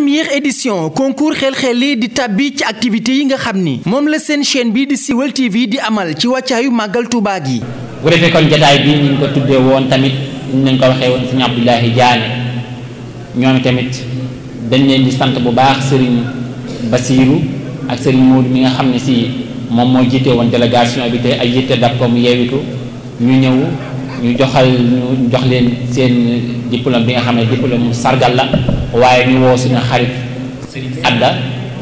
première édition concours xel-xeli di tàbbi ci activités yi nga xam ni moom la seen chaîne bi di Siweul TV di amal ci wàccaayu màggal Tuubaa gi bu defee kon jataay bi ñu ko tuddee woon tamit ñu ko waxee woon Sëriñ Abdoulaye jaan ñoom tamit dañ leen di sant bu baax Serigne Basiiru ak Serigne Moodu mi nga xam ne si moom mooy jiite woon délégation bi te ay yitte daf ko mu yeewitu ñu ñëw ñu joxal ñu jox leen seen diplôme bi nga xam ne diplôme mu sargal la waaye ñu woo suñu xarit sëriñ Adda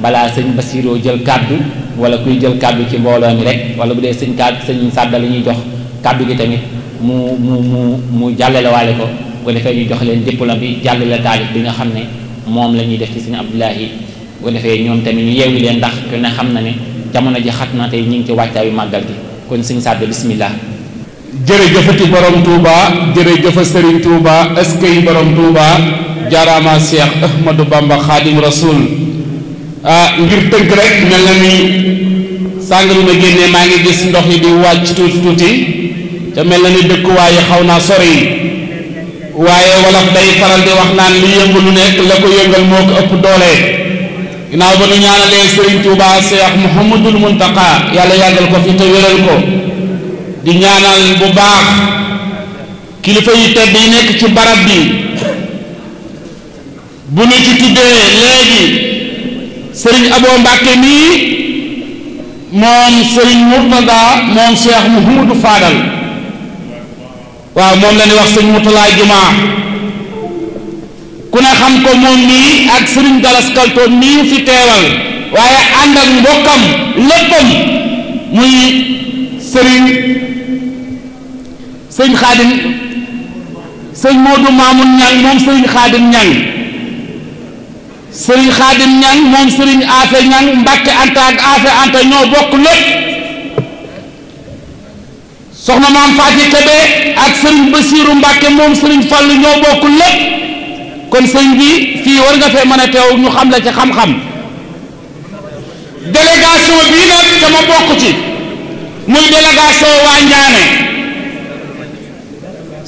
balaa sëñ Basiroo jël kàddu wala kuy jël kàddu ci mbooloo mi rek wala bu dee sëñ kàddu sëñ Sadda la ñuy jox kàddu gi tamit mu mu mu mu jàllale waale ko bu defee ñu jox leen diplôme bi jàllale taalif bi nga xam ne moom la ñuy def ci sëñ Abdoulahi bu defee ñoom tamit ñu yeewi leen ndax ku ne xam na ne jamono ji xat na tey ñu ngi ci wàccaayu màggal gi kon sëñ Sadda bismillah jërëjëfati borom Touba jërëjëfa Serigne Touba askay borom Touba jaaraama Cheikh Ahmadou Bamba Khadim Rasoul ah ngir tënk rek mel na ni sàng bi ma génnee maa ngi gis ndox yi di wàcc tuuti tuuti te mel na ni dëkkuwaay yi xaw naa sori waaye wolof day faral di wax naan li yëngu lu nekk la ko yëngal moo ko ëpp doole ginnaaw ba nu ñaanalee Serigne Touba Cheikh Mouhamadul Mountakha yàlla yàggal ko fi te wéral ko. di ñaanal bu baax kilifa yu tedd yi nekk ci barab bi bu ñu ci tuddee léegi sëriñ Abo Mbàkke mii moom sëriñ Murtada moom Cheikh Mouhamadou Fadal waaw moom la ñuy wax sëriñ Murtada Jumaa ku ne xam ko moom mii ak sëriñ Galas nii mii fi teewal waaye ànd ak mbokkam léppam muy sëriñ sëñ xaadim sëñ Modou Mamoun Niang moom sëriñ xaadim Niang sëriñ xaadim Niang moom sëriñ Afe Niang Mbàkke Anta ak Afe Anta ñoo bokk lépp soxna maam Faati Kebe ak sëriñ Basiiru Mbàkke moom sëriñ Fallu ñoo bokk lépp kon sëñ bi fii war nga fee mën a teew ñu xam la ci xam-xam délégation bii dama bokk ci muy délégation waa Njaane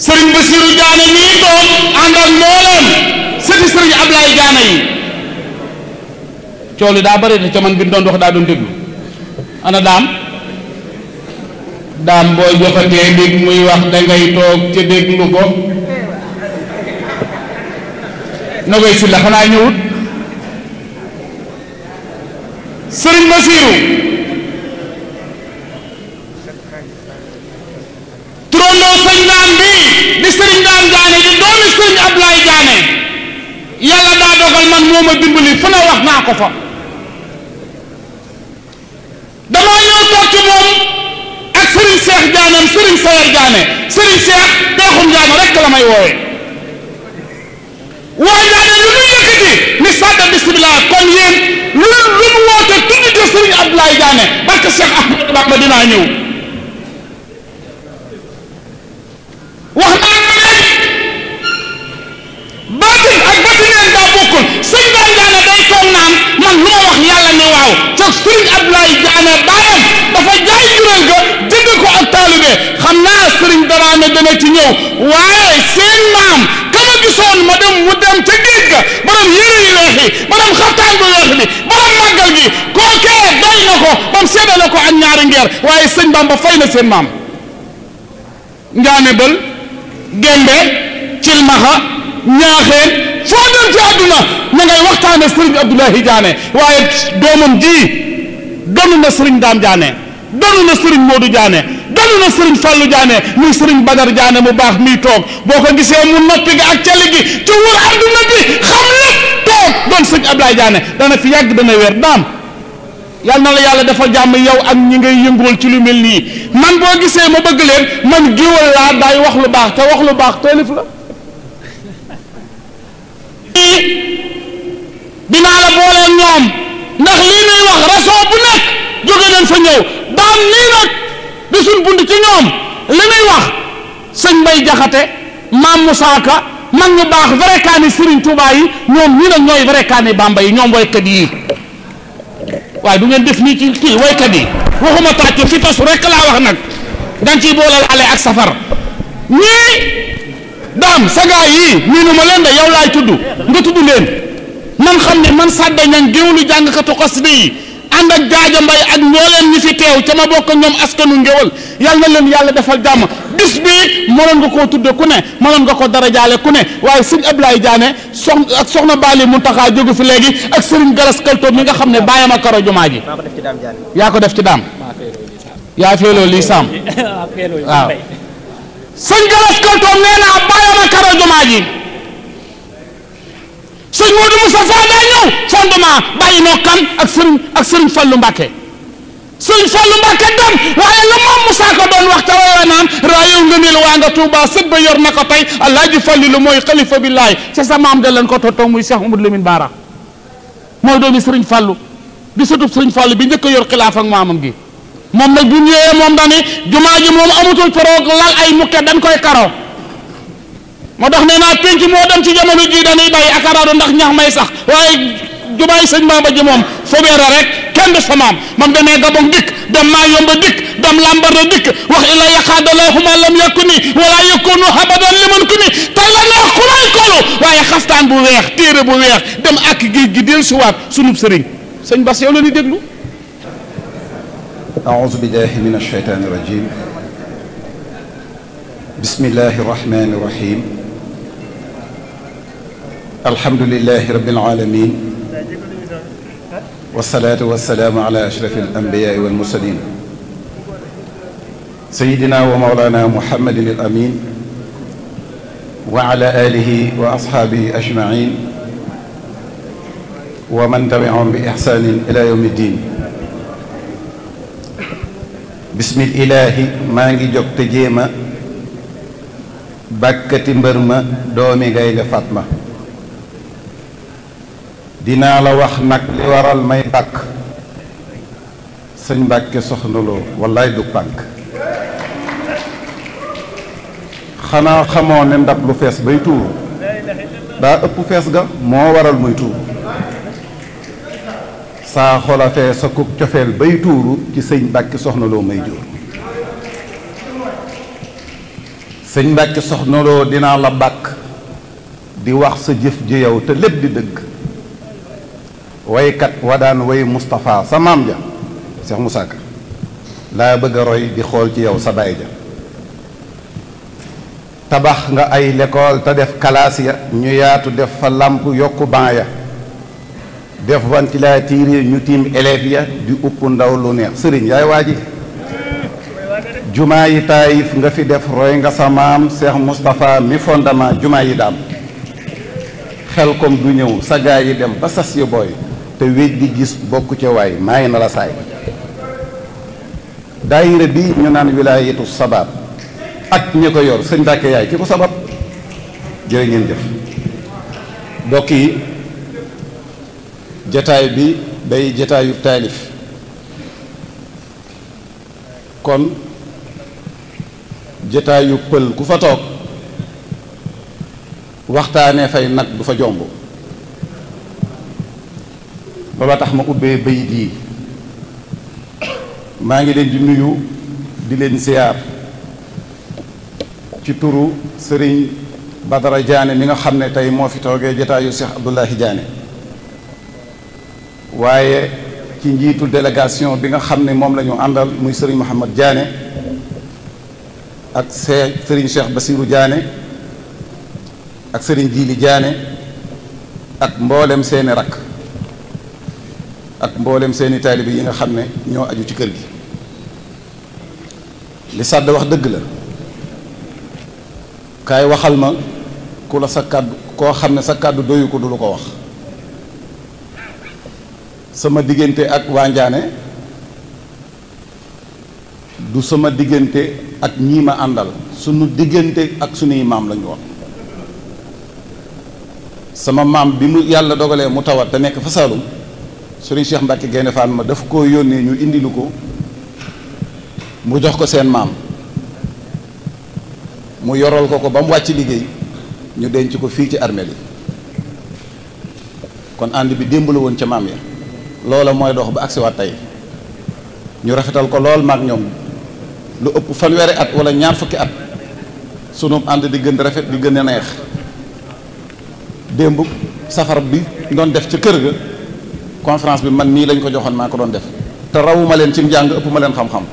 sëriñ Bassirou Diané mii toog ànd ak mbooleem sëti sëriñ Ablaye Diané yi cool yi daa bëri te ca man bi doon wax daa doon déglu ana daam daam boo joxatee dégg muy wax dangay toog ca déglu ko nogay si la xanaa ñëwut sëriñ Bassirou yàlla daa dogal man moo ma dimbali fu ne wax naa ko fa damaa ñëw toog ci moom ak Serigne Cheikh Dianeem Serigne Sayer Diané Serigne Cheikh Peexum Diané rek la may woowee waaye Diané lu ñu yëkkati ni sàdda bisimilah kon yéen lu lu mu woote tudd ci Serigne Abdoulaye Diané barke Cheikh Ahmadou Bamba dinaa ñëw keroog Serigne Abdoulaye Diané baayam dafa jaay jural ga jënd ko ak taalibe xam naa Serigne Daraame dana ci ñëw waaye seen maam kama gisoon ma dem mu dem ca géej ga borom yére yu weex yi borom xartaan bu weex bi borom màggal gi kookee doy na ko bam seedale ko ak ñaari ngeer waaye sëñ Bamba fay na seen maam Njaane Bël Gembe Cilmaxa Ñaaxeen foo dem ci àdduna na ngay waxtaane Serigne Abdoulaye Diané waaye doomam ji doon na sëriñ Daam Jaane doon na sëriñ Moodu Jaane doon na sëriñ Fàllu Jaane muy sëriñ Badar Jaane mu baax miy toog boo ko gisee mu noppi gi ak cali gi ci wër adduna bi xam lépp toog doon sëñ Ablaay Jaane dana fi yàgg dana weer daam yàlla na yàlla defal jàmm yow ak ñi ngay yënguwal ci lu mel nii man boo gisee ma bëgg leen man géwal laa daay wax lu baax te wax lu baax taalif la dinaa la boole ñoom ndax lii nay wax raison bu nekk jóge nañ fa ñëw daan nii nag di suñ bunt ci ñoom li wax sëñ Mbay Jaxate maam Musaa Ka man ñu baax vrai kaani Serigne Touba yi ñoom ñi nag ñooy vrai kaani Bamba yi ñoom waykat yi waaye du ngeen def nii ci kii waykat yi waxuma tàccu fi tasu rekk laa wax nag dañ ciy boolal ale ak safar ñii daam sa gaay yii miinu ma leen de yow laay tudd nga tudd leen nan xam ne man sàdda ñang géwlu jàngkatu xasida yi ànd ak jaaja mbay ak ñooleen ñi fi teew ca ma bokk ñoom askanu ngéwal yàlla na leen yàlla defal jàmm bis bi mënoon nga koo tudde ku ne mënoon nga ko dara jaale ku ne waaye sëñ Ablaye Diané sox ak soxna Bali Muntaxa jógu fi léegi ak sëriñ Galas Kalto mi nga xam ne bàyyam ak karo jumaa ji yaa ko def ci daam yaa feeloo lii saam waaw sëñ Galas Kalto nee naa bàyyam ak karo sëñ Modou Moustapha daa ñëw fondement bàyyi noo kan ak sëriñ ak sëriñ Fallou Mbacke sëriñ Fallou Mbacke dem waaye la moom Moussa ko doon wax ca naan raayu nga mel waa nga Touba sët ba yor na ko tey Alaaji Fallilu mooy kalifa bi laay ca sa maam da leen ko tottoo muy Cheikh Amadou Lamine Bara mooy doomi sëriñ Fallou di sëtub sëriñ Fallou bi njëkk yor xilaaf ak gi moom nag bu ñëwee moom dañuy jumaa ji moom amatul pro lal ay mukke dañ koy karo. moo tax nee naa penc moo dem ci jamono jii dañuy bàyyi akaraado ndax ñax may sax waaye jumaay ma Bamba ji moom fobeera rek samaam mam demee Gabon dikk dem maa yomba dikk dem lambara dikk wax ila yaqaadalahuma lam yakku ni wala habadan liman ku ni tey lay kolu waaye xaftaan bu weex téere bu weex dem ak géej gi del suwaat sunub sëriñ sëñ Bass yow la ñuy déglu أعوذ بالله من الحمد لله رب العالمين والصلاة والسلام على أشرف الأنبياء والمرسلين سيدنا ومولانا محمد الأمين وعلى آله وأصحابه أجمعين ومن تبعهم بإحسان إلى يوم الدين بسم الله ما جوك تجيما بكتي مبرما دومي غايغا فاطمه dinaa la wax nag li waral may bàkk sëñ Mbàkke soxnaloo Lo wallaay du bàkk xanaa xamoo ne ndab lu fees bay tuur daa ëpp fees ga moo waral muy tuur saa xolafee sa kub cofeel bay tuuru ci sëñ Mbàkke Soxna may sëñ Mbàkke Soxna dinaa la bàkk di wax sa jëf ji yow te lépp di dëgg waykat wa daan woy Moustapha sa maam ja Seex Musaa Ka laa bëgg a roy di xool ci yow sa baay ja tabax nga ay lekkool te def kalaas ya ñu yaatu def fa làmp yokk ban ya def ventilateur yi ñu tiim élèves ya di upp ndaw lu neex sëriñ yaay waa ji jumaa yi taayif nga fi def roy nga sa maam Cheikh Moustapha mi fondement jumaa yi daam xel kom du ñëw sa gaa yi dem ba sas yi booy te wéj gi gis bokk ca waay maay na la saay daayira bi ñu naan wilaayatu sabab ak ñi ko yor sëñ Mbàkke yaay ki ko sabab jërë ngeen jëf mbokk yi jataay bi day jataayu taalif kon jataayu pël ku fa toog waxtaanee fay nag du fa jomb ba ba tax ma ubbee bayit yi maa ngi leen di nuyu di leen ziar ci turu sëriñ Badara Diané mi nga xam ne tey moo fi toogee jataayu Cheikh Abdoulahi Diané waaye ci njiitu délégation bi nga xam ne moom la ñu àndal muy sëriñ Mouhamad Diané ak see Cheikh Basirou Diané ak sëriñ Jili Diané ak mboolem seeni rakk ak mboolem seeni taali taalibe yi nga xam ne ñoo aju ci kër gi li sàdd wax dëgg la kaay waxal ma ku la sa kàddu koo xam ne sa kàddu doyu ko du lu ko wax sama diggante ak waa du sama diggante ak ñii ma àndal sunu diggante ak sunuy maam lañu woon sama maam bi mu yàlla dogalee mu tawat te nekk fa Saalum serigne Cheikh Mbacke Gaynde ma daf ko yone ñu lu ko mu jox ko sen mam mu yoral ko ko bam wacc ñu denc ko fi ci kon andi bi dembul won ci mam ya lola moy dox ba agsiwaat tay ñu rafetal ko lool mak ñom lu fan wéré at wala ñaar fukki at sunu andi di gën rafet di gën neex dembu safar bi doon def ci kër ga conférence bi man mii lañ ko joxoon mako don def te rawuma len ci jang ëpp len xam-xam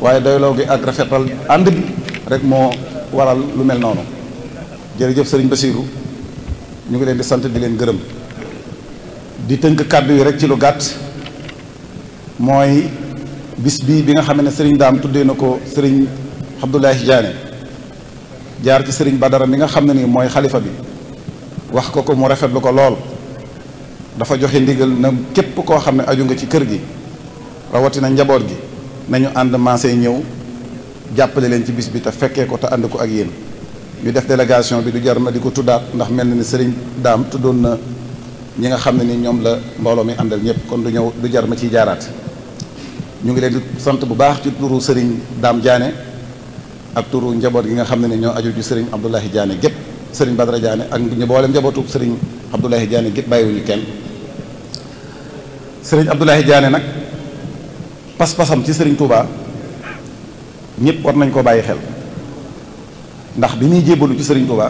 waye doyloo gi ak rafetal and bi rek mo waral lu mel jere jërëjëf serigne Basiiru ñu ngi len di sante di len gëreum di teunk kaddu yi rek ci lu gatt moy bis bi bi nga xam serigne dam tuddé nako serigne Abdoulaye Diané jaar ci serigne Badara mi nga xamne ni moy khalifa bi wax ko ko mu lu ko lol dafa joxe ndigal na képp koo xam ne aju nga ci kër gi rawatina njaboot gi nañu ànd maasee ñëw jàppale leen ci bis bi te fekkee ko te ànd ko ak yéen ñu def délégation bi du jar ma di ko tuddaat ndax mel na ni sëriñ daam tuddoon na ñi nga xam ne ni ñoom la mbooloo mi àndal ñëpp kon du ñëw du jar ma ciy jaaraat ñu ngi leen di sant bu baax ci turu sëriñ daam jaane ak turu njaboot gi nga xam ne ni ñoo aju ci sëriñ Abdoulahi jaane gépp sëriñ Badara jaane ak ñu boolem njabootu sëriñ Abdoulahi Diané gépp bàyyiwuñu kenn Sering Abdoulaye Diané nak pas-pasam ci serigne Touba ñepp war nañ ko bayyi xel ndax bi ni jébbalu ci serigne Touba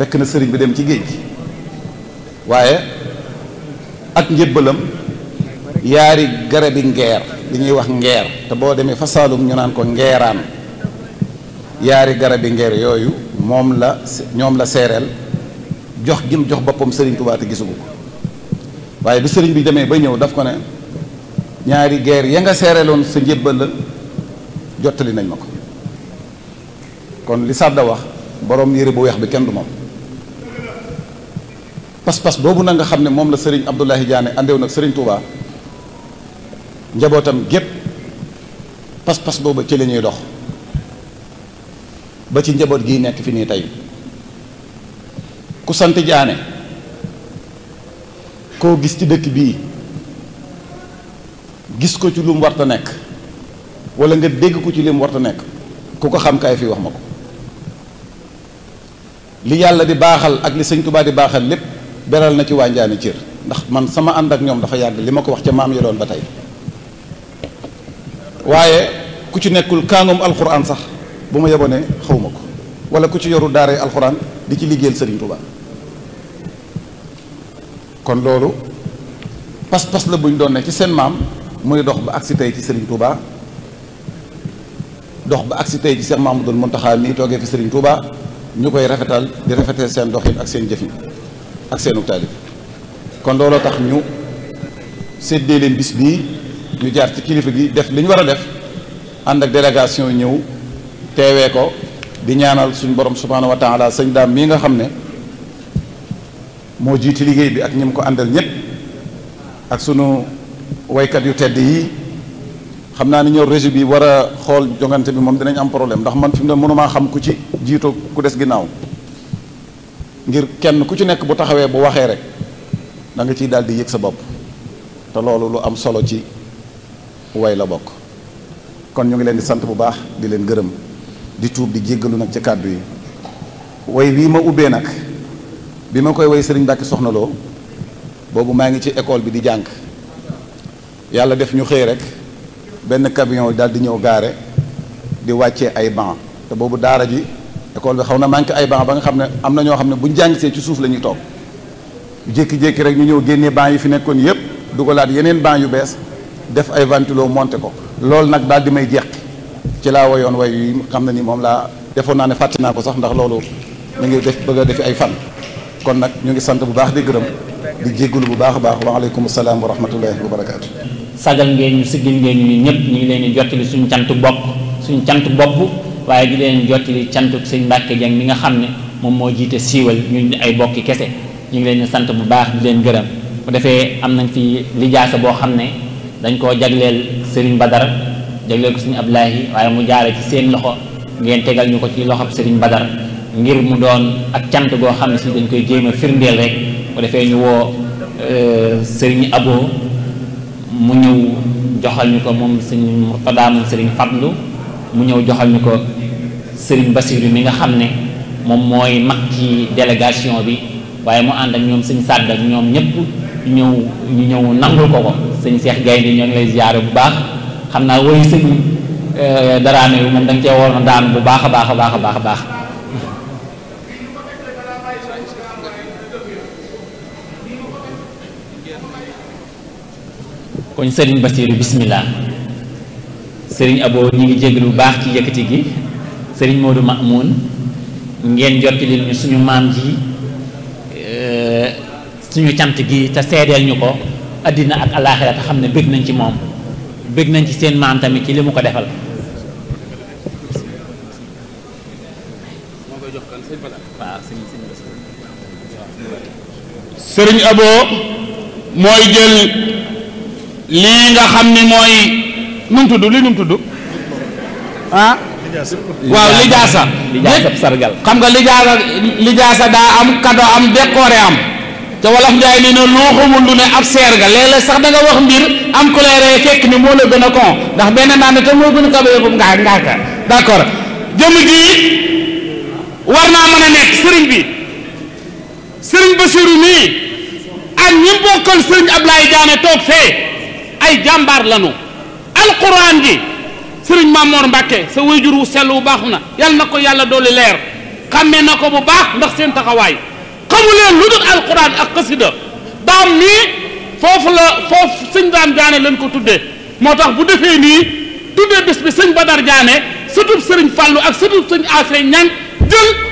fekk na serigne bi dem ci geej waye waaye ak njébbalam yaari garabi ngeer li ñuy wax ngeer te bo demee fa Saalum ñu naan ko ngeeraan yaari garabi ngeer yoyu mom la ñom la sérel jox gim jox bopam serigne Touba te gisugo waaye bi sëriñ bi demee ba ñëw daf ko ne ñaari guerre ya nga seereeloon sa njébbal la jottali nañ ma ko kon li sadda wax borom yére bu weex bi kenn du moom pas-pas boobu na nga xam ne moom la sëriñ Abdoulaye jaane àndew nag sëriñ Touba njabootam gépp pas-pas boobu ci la ñuy dox ba ci njaboot gii nekk fi nii tey ku sant Diané koo gis ci dëkk bii gis ko ci lu mu warta nekk walla nga dégg ko ci li mu warta nekk ku ko xamkaay kaay fii wax ma ko li yàlla di baaxal ak li sëñ Tuubaa di baaxal lépp beral na ci waa Njaani cër ndax man sama ànd ak ñoom dafa yàgg li ma ko wax ca maam ya doon ba tey waaye ku ci nekkul kaangum alxuraan sax bu ma yebone xawuma ko wala ku ci yoru daaree alxuraan di ci liggéeyal sëriñ Tuubaa kon loolu pas-pas la ñu doon ne ci seen maam mu ni dox ba agsi tey ci Serigne Touba dox ba agsi tey ci Cheikh Mamadou Mountakha mii toogee fi Serigne Touba ñu koy rafetal di rafetal seen doxin ak seen jëfin ak seenu taalib kon looloo tax ñu séddee leen bis bii ñu jaar ci kilifa gi def li ñu war a def ànd ak délégation ñëw teewee ko di ñaanal suñu borom subhaanahu wa taala sëñ daam mii nga xam ne mo jiti liggey bi ak ñim ko andal ñet ak sunu kat yu tedd yi xamna ni ñëw régie bi wara xol jongante bi mom dinañ am problème ndax man fi mu ne mënumaa xam ku ci jito ku dess ginaaw ngir kenn ku ci nek bu taxawé bu waxé rek da nga ci daldi yek sa bop ta loolu lu am solo ci way la bok kon ñu ngi leen di sant bu baax di leen gërëm di tuub di jéggalu nak ci yi way wi ma nak bi ma koy woy sëriñ Mbàkke soxnaloo boobu maa ngi ci école bi di jàng yàlla def ñu xëy rek benn camion daal di ñëw gaare di wàcce ay banc te boobu daara ji école bi xaw na manqué ay banc ba nga xam ne am na ñoo xam ne buñ jàngisee ci suuf la ñuy toog jékki-jékki rek ñu ñëw génnee banc yi fi nekkoon yépp dugalaat yeneen banc yu bees def ay ventilo monté ko loolu nag daal di may jeqi ci laa woyoon way yi xam na ni moom laa defoon naa ne fàtte naa ko sax ndax loolu mu ngi def bëgg a defi ay fan kon nag ñu ngi sant bu baax di gërëm di jégalu bu baax a baax waaleykum salaam wa rahmatullahi wa barakaatu. sagal ngeen ñu siggil ngeen nii ñëpp ñu ngi leen di jottali suñu cantu bopp suñu cantu bopp waaye di leen jottali cantu sëñ Mbàkke Jeng mi nga xam ne moom moo jiite siiwal ñu ay bokki kese ñu ngi leen di sant bu baax di leen gërëm mu defee am nañ fi lijaasa boo xam ne dañ koo jagleel Serigne Badar jagleel ko suñu Ablaye waaye mu jaare ci seen loxo ngeen tegal ñu ko ci loxob Serigne Badar. ngir mu doon ak cant goo xam ne si dañ koy jéem a firndeel rek bu defee ñu woo euh, sëriñ Abo mu ñëw joxal ñu ko moom sëriñ Murtada moom sëriñ Fadlu mu ñëw joxal ñu ko sëriñ Basiru mi nga xam ne moom mooy mag ci délégation bi waaye mu ànd ak ñoom sëñ Sàdd ak ñoom ñëpp ñëw ñu ñëw nangul ko ko sëñ Seex Gaynde ñoo ngi lay bu baax xam naa woyu sëñ daraane yu moom da nga cee waroon daan bu baax a baax a baax a baax a baax kon sëriñ Basiiru bisimilah sëriñ Abo ñu ngi jéglu lu baax ci yëkkati gi sëriñ Moodu Maamun ngeen jottali ñu suñu maam ji euh, suñu cant gi te seedeel ñu ko addina ak alaaxira te xam ne bëgg nañ ci moom bëgg nañ ci seen maam tamit ci li mu ko defal sëriñ Abo mooy jël lii nga xam ni mooy nu mu tudd li nu tudd ah. waaw lijaasa lijaasa xam nga lijaasa lijaasa daa am kado am décoré am te wolof Njaay ni ne loo xamul lu ne ab seer ga léeg sax da nga wax mbir am ku fekk ni moo la gën a kon ndax benn naan te moo gën a kawe bu ngaa ngaa d'accord jëm ji war naa mën a nekk sëriñ bi sëriñ Basiru nii ak ñi bokkal sëriñ Ablaye Diané toog fee ay jàmbaar lanu alquran ji sëriñ Mamoor Mbàkke sa wéyjur wu sell wu baax na yàlla na ko yàlla dooli leer xàmmee na ko bu baax ndax seen taxawaay xamu lu dul alquran ak xasida daal nii foofu la foofu sëñ daam jaane lañ ko tuddee moo tax bu defee nii tuddee bis bi sëñ Badar jaane sëtub sëriñ Fàllu ak sëtub sëñ Afee ñan jël